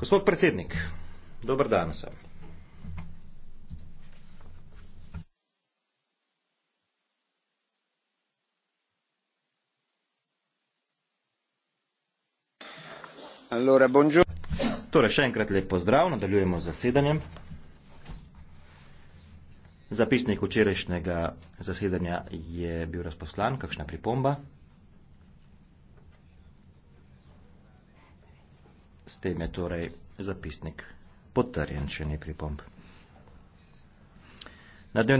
gospod predsednik dober dan vsem torej še enkrat lep pozdrav nadaljujemo z zasedanjem zapisnik včerajšnjega zasedanja je bil razposlan kakšna pripomba s tem je torej zapisnik potrjen, če ni pripomb. Na dnevni